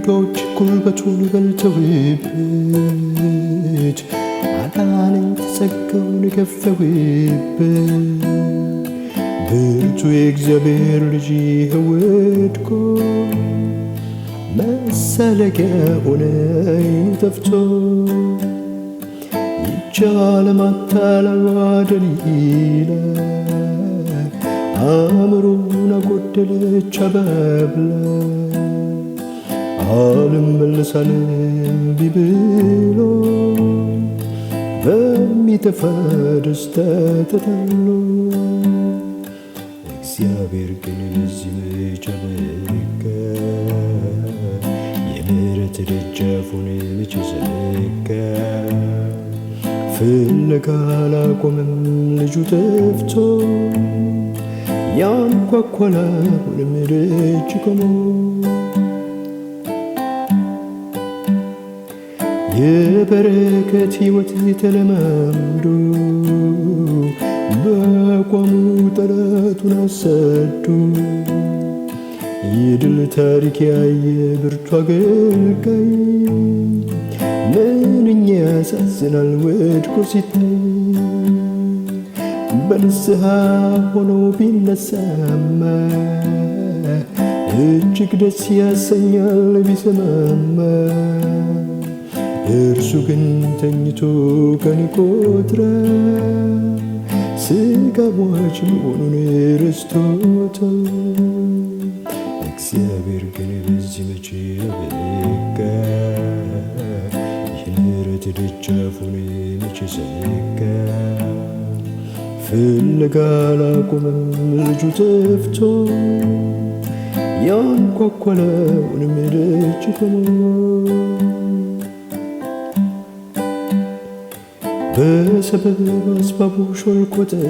길어지 골바초를 갈자위 빛 아다는 ተሰቀውን ከፈዊ ብርቱ የእግዚአብሔር ልጅ ወድቆ መሰለቂያ ሆነኝ ተፍቶ ይቻለም አታለዋደን ይላል አእምሮን አጎደለች አበብላ አልመለሳልም ቢብሎ በሚተፋ ደስታ ተታሎ እግዚአብሔር ግን በዚህ ጨበቀ የምሕረት ደጃፉን መቼ ዘጋ። ፍለጋ አላቆመም ልጁ ጠፍቶ ያንኳኳላ አሁንም ደጅ ቆሞ የበረከት ሕይወት ተለማምዶ በቋሙ ጠላቱን አሰዱ የድል ታሪክ ያየ ብርቱ አገልጋይ ምንኛ ያሳዝናል ወድቆ ሲታይ በንስሐ ሆኖ ቢነሳማ እጅግ ደስ ያሰኛል ቢሰማማ እርሱ ግን ተኝቶ ቀን ቆጥረ ሥጋ ሟች መሆኑን ረስቶታል። እግዚአብሔር ግን በዚህ መቼ አበቃ? የምሕረት ደጃፉን መቼ ዘጋ? ፍለጋ አላቆመም ልጁ ጠፍቶ ያንኳኳለውን ደጅ ቆሞ በሰበብ አስባቡ ሾልኮ ጠፋ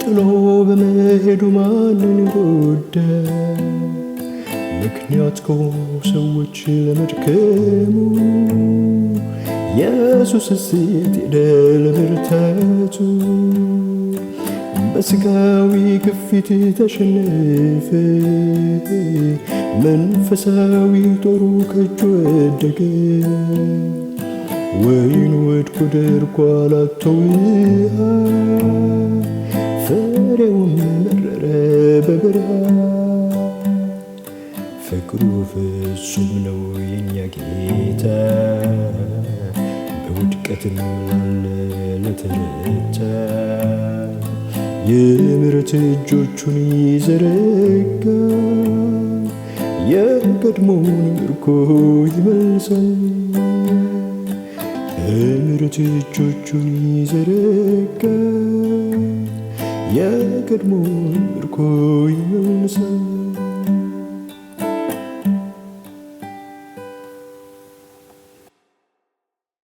ጥሎ በመሄዱ ማንን ጎዳ? ምክንያት ከሆኑ ሰዎች ለመድከሙ ኢየሱስ ሴት ሄደ ለብርታቱ በስጋዊ ግፊት ተሸነፈ፣ መንፈሳዊ ጦሩ ከእጁ ወደቀ። ወይን ወድቁ ደርቆ አላተው ፍሬውን መረረ በበረሃ ፍቅሩ ፍጹም ነው የኛ ጌታ በውድቀትም ላለ ለተረታ የምሕረት እጆቹን ይዘረጋ የቀድሞውን ምርኮ ይመልሳል። ምህረት እጆቹን ይዘረጋ የቀድሞውን ምርኮ ይመልሳል።